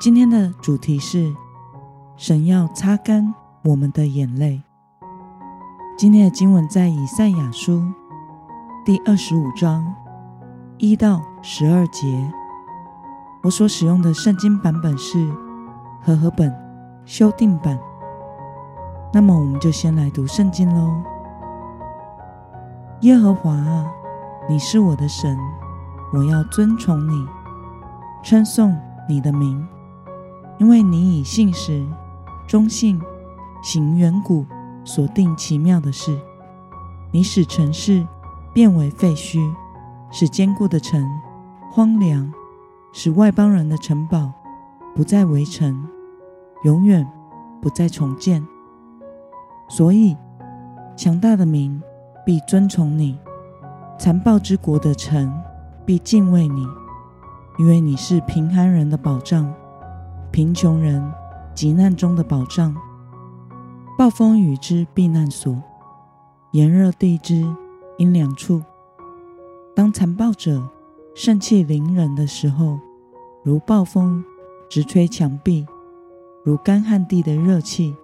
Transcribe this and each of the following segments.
今天的主題是神要擦乾我們的眼淚。今天的經文在以賽亞書第二十五章一到十二節。我所使用的聖經版本是和合本修訂版。那麼我們就先來讀聖經嘍。耶和華啊，你是我的神，我要尊崇你，稱頌你的名。因為你以信實、忠信、行遠古所定奇妙的事。你使城市變為廢墟，使堅固的城荒涼，使外邦人的城堡不再為城，永遠不再重建。所以，強大的民必遵從你，殘暴之國的城必敬畏你，因為你是貧寒人的保障。貧窮人，急難中的保障；暴風雨之避難所，炎熱地之陰涼處。當殘暴者盛氣凌人的時候，如暴風直吹牆壁，如乾旱地的熱氣，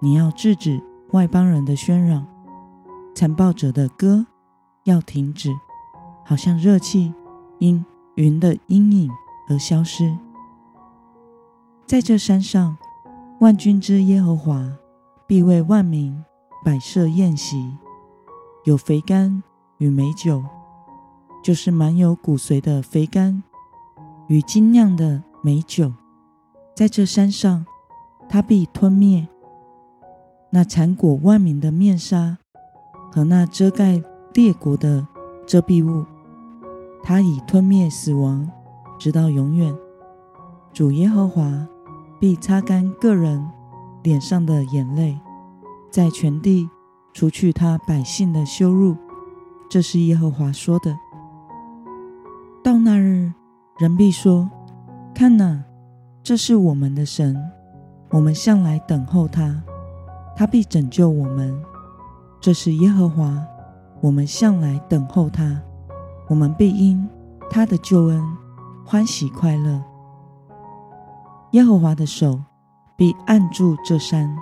你要制止外邦人的喧嚷，殘暴者的歌要停止，好像熱氣因雲的陰影而消失。在這山上，萬軍之耶和華必為萬民擺設宴席，有肥甘與美酒，就是滿有骨髓的肥甘，與精釀的美酒。在這山上，他必吞滅那纏裹萬民的面紗和那遮蓋列國的遮蔽物，他已吞滅死亡，直到永遠。主耶和華。必擦乾個人臉上的眼淚，在全地除去他百姓的羞辱。這是耶和華說的。到那日，人必說：“看哪，這是我們的神，我們向來等候他，他必拯救我們。”這是耶和華，我們向來等候他，我們必因他的救恩歡喜快樂。耶和華的手必按住這山，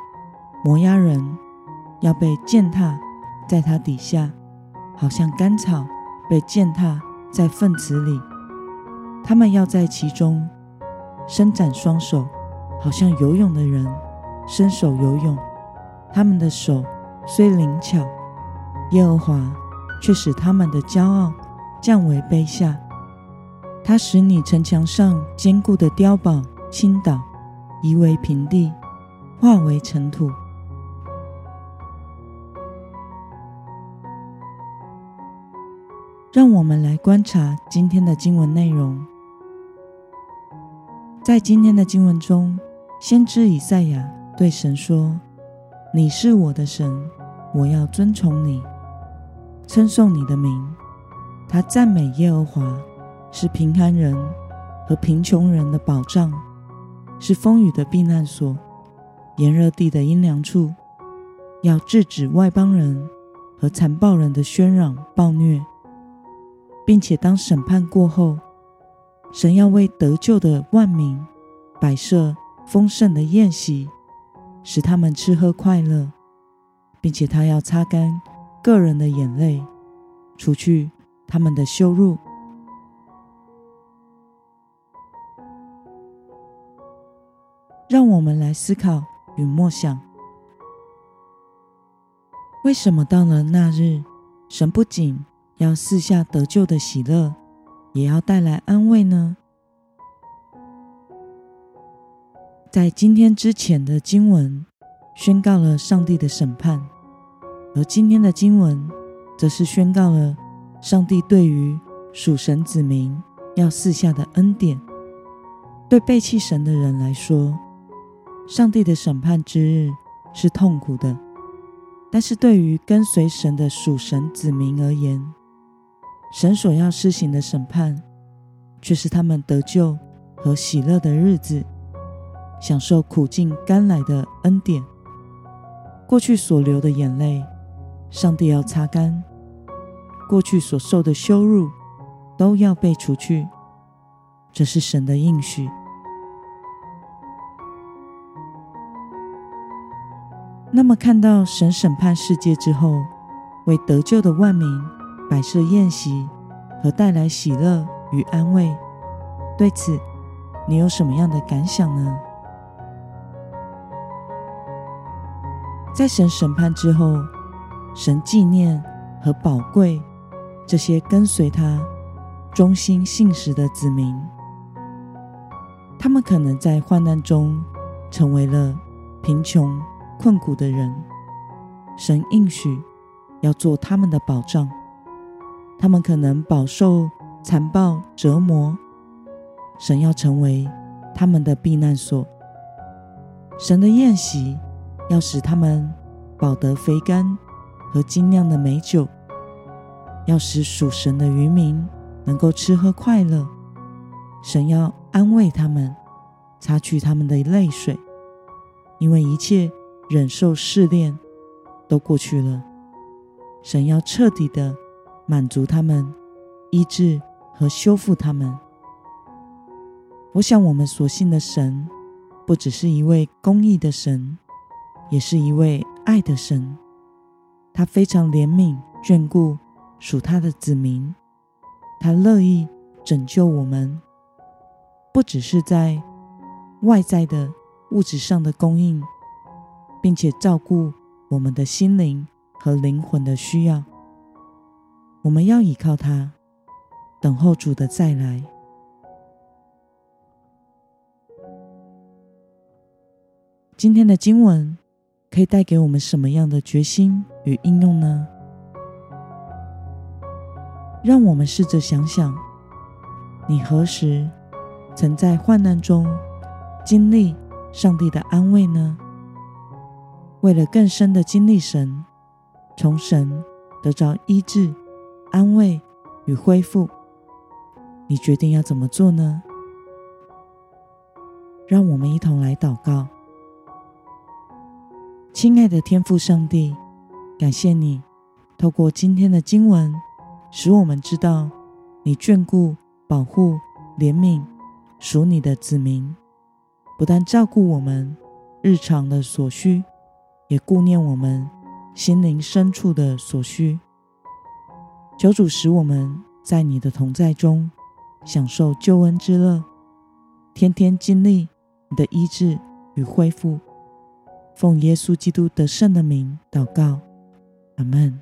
摩押人要被踐踏在他底下，好像乾草被踐踏在糞池裏。他們要在其中伸展雙手，好像游泳的人伸手游泳。他們的手雖靈巧，耶和華卻使他們的驕傲降為卑下。他使你城牆上堅固的碉堡傾倒，夷為平地，化為塵土。讓我們來觀察今天的經文內容。在今天的經文中，先知以賽亞對神說：“你是我的神，我要尊崇你，稱頌你的名。”他讚美耶和華是貧寒人和貧窮人的保障。是風雨的避難所，炎熱地的陰涼處。要制止外邦人和殘暴人的喧嚷暴虐，並且當審判過後，神要為得救的萬民擺設豐盛的宴席，使他們吃喝快樂，並且他要擦乾各人的眼淚，除去他們的羞辱。讓我們來思考與默想：為什麼到了那日，神不僅要賜下得救的喜樂，也要帶來安慰呢？在今天之前的經文宣告了上帝的審判，而今天的經文則是宣告了上帝對於屬神子民要賜下的恩典。對背棄神的人來說，上帝的審判之日是痛苦的，但是對於跟隨神的屬神子民而言，神所要施行的審判，卻是他們得救和喜樂的日子，享受苦盡甘來的恩典。過去所流的眼淚，上帝要擦乾；過去所受的羞辱，都要被除去。這是神的應許。那麼，看到神審判世界之後，為得救的萬民擺設宴席和帶來喜樂與安慰，對此你有什麼樣的感想呢？在神審判之後，神紀念和寶貴這些跟隨他忠心信實的子民，他們可能在患難中成為了貧窮。困苦的人，神應許要做他們的保障；他們可能飽受殘暴折磨，神要成為他們的避難所。神的宴席要使他們飽得肥甘和精釀的美酒，要使屬神的餘民能夠吃喝快樂。神要安慰他們，擦去他們的淚水，因為一切，忍受試煉，都過去了。神要徹底的滿足他們，醫治和修復他們。我想，我們所信的神不只是一位公義的神，也是一位愛的神。他非常憐憫眷顧屬他的子民，他樂意拯救我們，不只是在外在的物質上的供應。並且照顧我們的心靈和靈魂的需要，我們要依靠他，等候主的再來。今天的經文可以帶給我們什麼樣的決心與應用呢？讓我們試着想想，你何時曾在患難中經歷上帝的安慰呢？為了更深的經歷神，從神得着醫治、安慰與恢復，你決定要怎麼做呢？讓我們一同來禱告。親愛的天父上帝，感謝你透過今天的經文，使我們知道你眷顧、保護、憐憫屬你的子民，不但照顧我們日常的所需。也顧念我們心靈深處的所需。求主使我們在你的同在中享受救恩之樂，天天經歷你的醫治與恢復。奉耶穌基督得勝的名禱告，阿門。